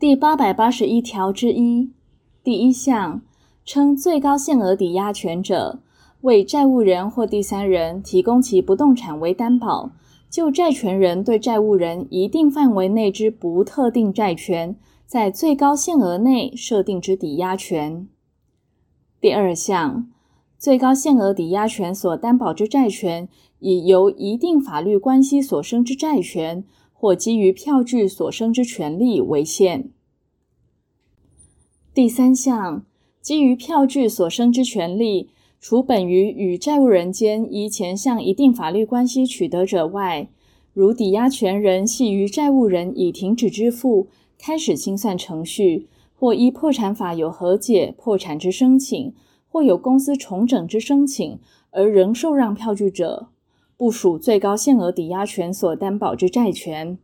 第八百八十一條之一第一項，稱最高限額抵押權者，為債務人或第三人提供其不動產為擔保，就債權人對債務人一定範圍內之不特定債權，在最高限額內設定之抵押權。第二項，最高限額抵押權所擔保之債權，以由一定法律關係所生之債權。或基於票據所生之權利為限。第三項，基於票據所生之權利，除本於與債務人間依前項一定法律關係取得者外，如抵押權人係於債務人已停止支付、開始清算程序，或依破產法有和解破產之申請，或有公司重整之申請，而仍受讓票據者。不屬最高限額抵押權所擔保之債權，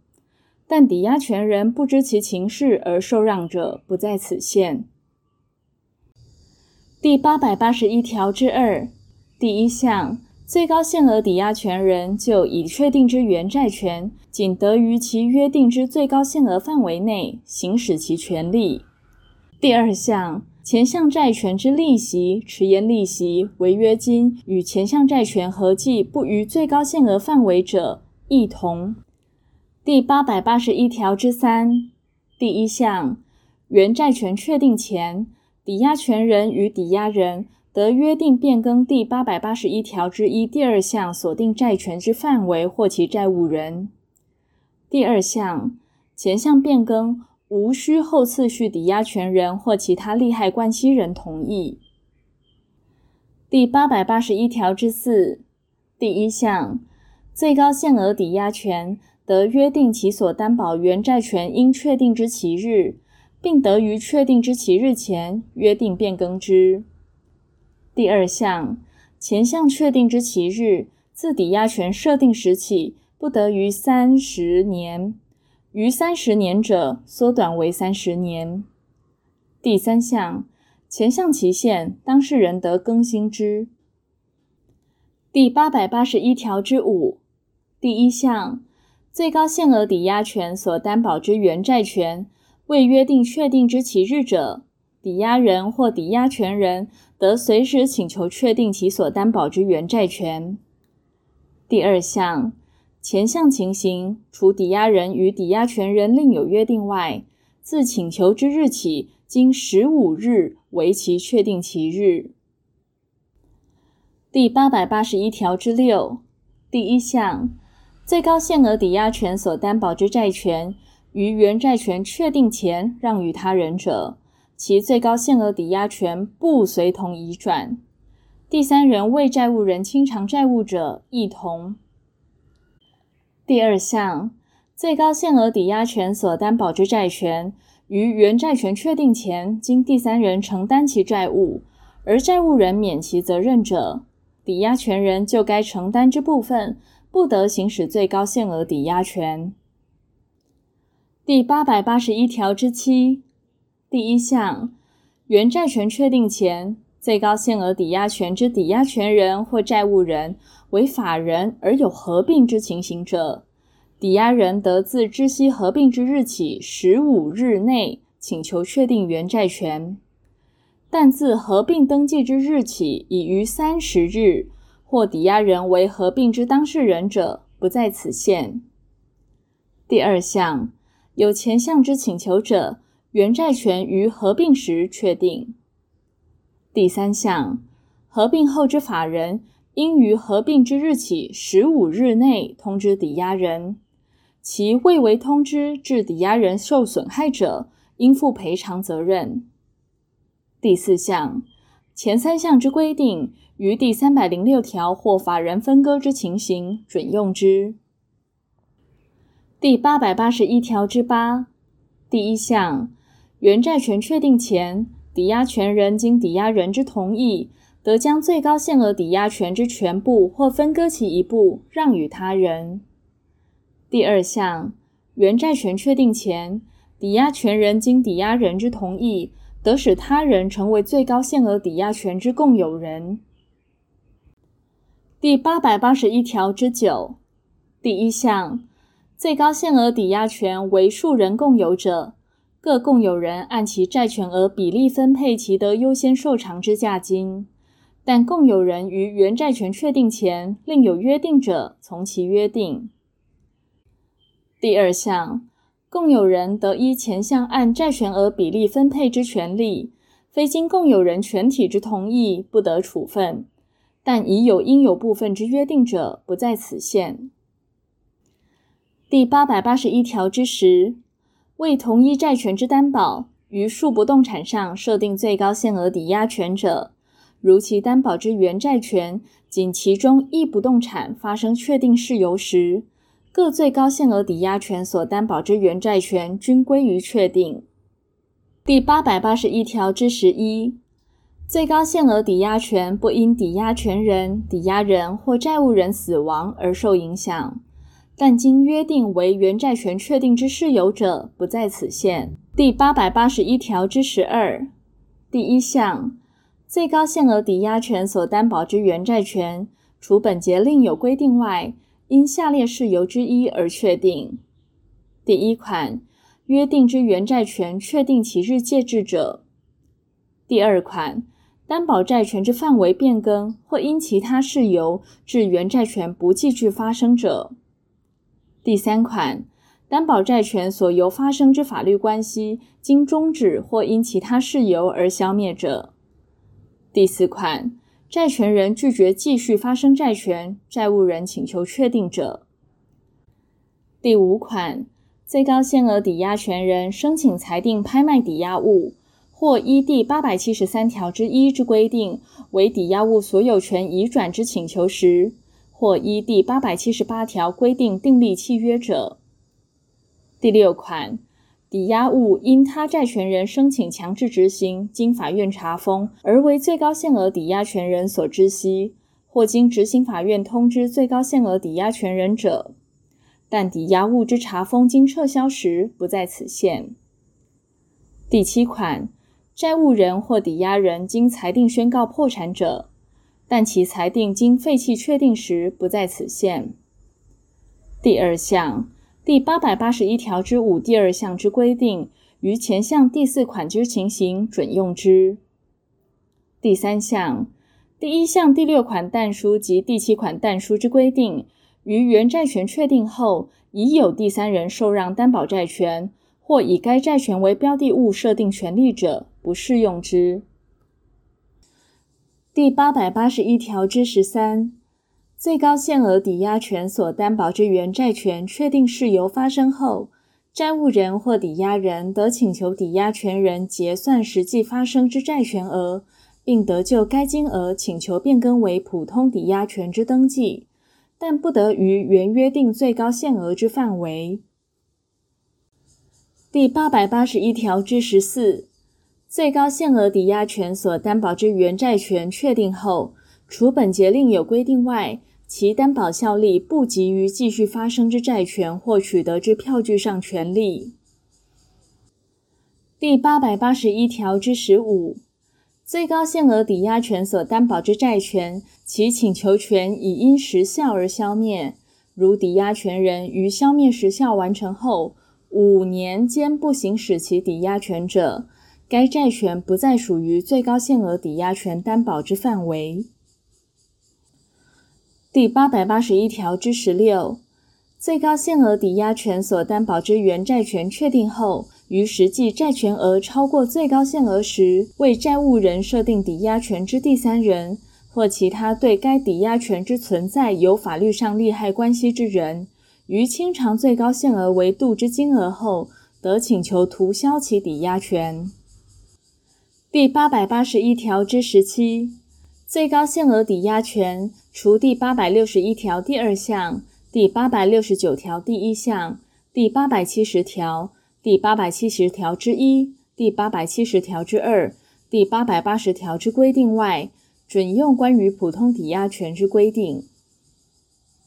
但抵押權人不知其情事而受讓者不在此限。第八百八十一條之二第一項，最高限額抵押權人就已確定之原債權，僅得於其約定之最高限額範圍內行使其權利。第二項。前項債權之利息、遲延利息、違約金與前項債權合計不逾最高限額範圍者，亦同。第八百八十一條之三第一項，原債權確定前，抵押權人與抵押人得約定變更第八百八十一條之一第二項鎖定債權之範圍或其債務人。第二項前項變更。無需後次序抵押權人或其他利害關係人同意。第八百八十一條之四第一項，最高限額抵押權得約定其所擔保原債權應確定之期日，並得於確定之期日前約定變更之。第二項前項確定之期日自抵押權設定時起不得逾三十年。逾三十年者，縮短為三十年。第三項，前項期限，當事人得更新之。第八百八十一條之五，第一項，最高限額抵押權所擔保之原債權未約定確定之期日者，抵押人或抵押權人得隨時請求確定其所擔保之原債權。第二項。前項情形，除抵押人與抵押權人另有約定外，自請求之日起，經十五日為其確定期日。第八百八十一條之六第一項，最高限額抵押權所擔保之債權，於原債權確定前讓與他人者，其最高限額抵押權不隨同移轉；第三人為債務人清償債務者，亦同。第二項，最高限額抵押權所擔保之債權，於原債權確定前，經第三人承擔其債務，而債務人免其責任者，抵押權人就該承擔之部分，不得行使最高限額抵押權。第八百八十一條之七第一項，原債權確定前。最高限額抵押權之抵押權人或債務人為法人而有合併之情形者，抵押人得自知悉合併之日起十五日內請求確定原債權，但自合併登記之日起已逾三十日或抵押人為合併之當事人者，不在此限。第二項，有前項之請求者，原債權於合併時確定。第三項，合併後之法人應於合併之日起十五日內通知抵押人，其未為通知致抵押人受損害者，應負賠償責任。第四項，前三項之規定於第三百零六條或法人分割之情形準用之。第八百八十一條之八第一項，原債權確定前，抵押權人經抵押人之同意，得將最高限額抵押權之全部或分割其一部讓與他人。第二項，原債權確定前，抵押權人經抵押人之同意，得使他人成為最高限額抵押權之共有人。第八百八十一條之九，第一項，最高限額抵押權為數人共有者，各共有人按其債權額比例分配其得優先受償之價金，但共有人於原債權確定前另有約定者，從其約定。第二項，共有人得依前項按債權額比例分配之權利，非經共有人全體之同意不得處分，但已有應有部分之約定者不在此限。第八百八十一條之十。為同一債權之擔保，於數不動產上設定最高限額抵押權者，如其擔保之原債權僅其中一不動產發生確定事由時，各最高限額抵押權所擔保之原債權均歸於確定。第八百八十一條之十一，最高限額抵押權不因抵押權人、抵押人或債務人死亡而受影響。但經約定為原債權確定之事由者，不在此限。第八百八十一條之十二，第一項，最高限額抵押權所擔保之原債權，除本節另有規定外，因下列事由之一而確定：第一款，約定之原債權確定期日屆至者；第二款，擔保債權之範圍變更或因其他事由致原債權不繼續發生者。第三款，擔保債權所由發生之法律關係經終止或因其他事由而消滅者。第四款，債權人拒絕繼續發生債權，債務人請求確定者。第五款，最高限額抵押權人申請裁定拍賣抵押物，或依第八百七十三條之一之規定為抵押物所有權移轉之請求時。或依第八百七十八條規定訂立契約者。第六款，抵押物因他債權人申請強制執行，經法院查封而為最高限額抵押權人所知悉，或經執行法院通知最高限額抵押權人者，但抵押物之查封經撤銷時，不在此限。第七款，債務人或抵押人經裁定宣告破產者。但其裁定經廢棄確定時，不在此限。第二項第八百八十一條之五第二項之規定，於前項第四款之情形準用之。第三項第一項第六款但書及第七款但書之規定，於原債權確定後，已有第三人受讓擔保債權，或以該債權為標的物設定權利者，不適用之。第八百八十一條之十三，最高限額抵押權所擔保之原債權確定事由發生後，債務人或抵押人得請求抵押權人結算實際發生之債權額，並得就該金額請求變更為普通抵押權之登記，但不得逾原約定最高限額之範圍。第八百八十一條之十四。最高限額抵押權所擔保之原債權確定後，除本節另有規定外，其擔保效力不及於繼續發生之債權或取得之票據上權利。第八百八十一條之十五，最高限額抵押權所擔保之債權，其請求權已因時效而消滅，如抵押權人於消滅時效完成後五年間不行使其抵押權者，該債權不再屬於最高限額抵押權擔保之範圍。第八百八十一條之十六，最高限額抵押權所擔保之原債權確定後，於實際債權額超過最高限額時，為債務人設定抵押權之第三人或其他對該抵押權之存在有法律上利害關係之人，於清償最高限額為度之金額後，得請求塗銷其抵押權。第八百八十一條之十七，最高限額抵押權，除第八百六十一條第二項、第八百六十九條第一項、第八百七十條、第八百七十條之一、第八百七十條之二、第八百八十條之規定外，準用關於普通抵押權之規定。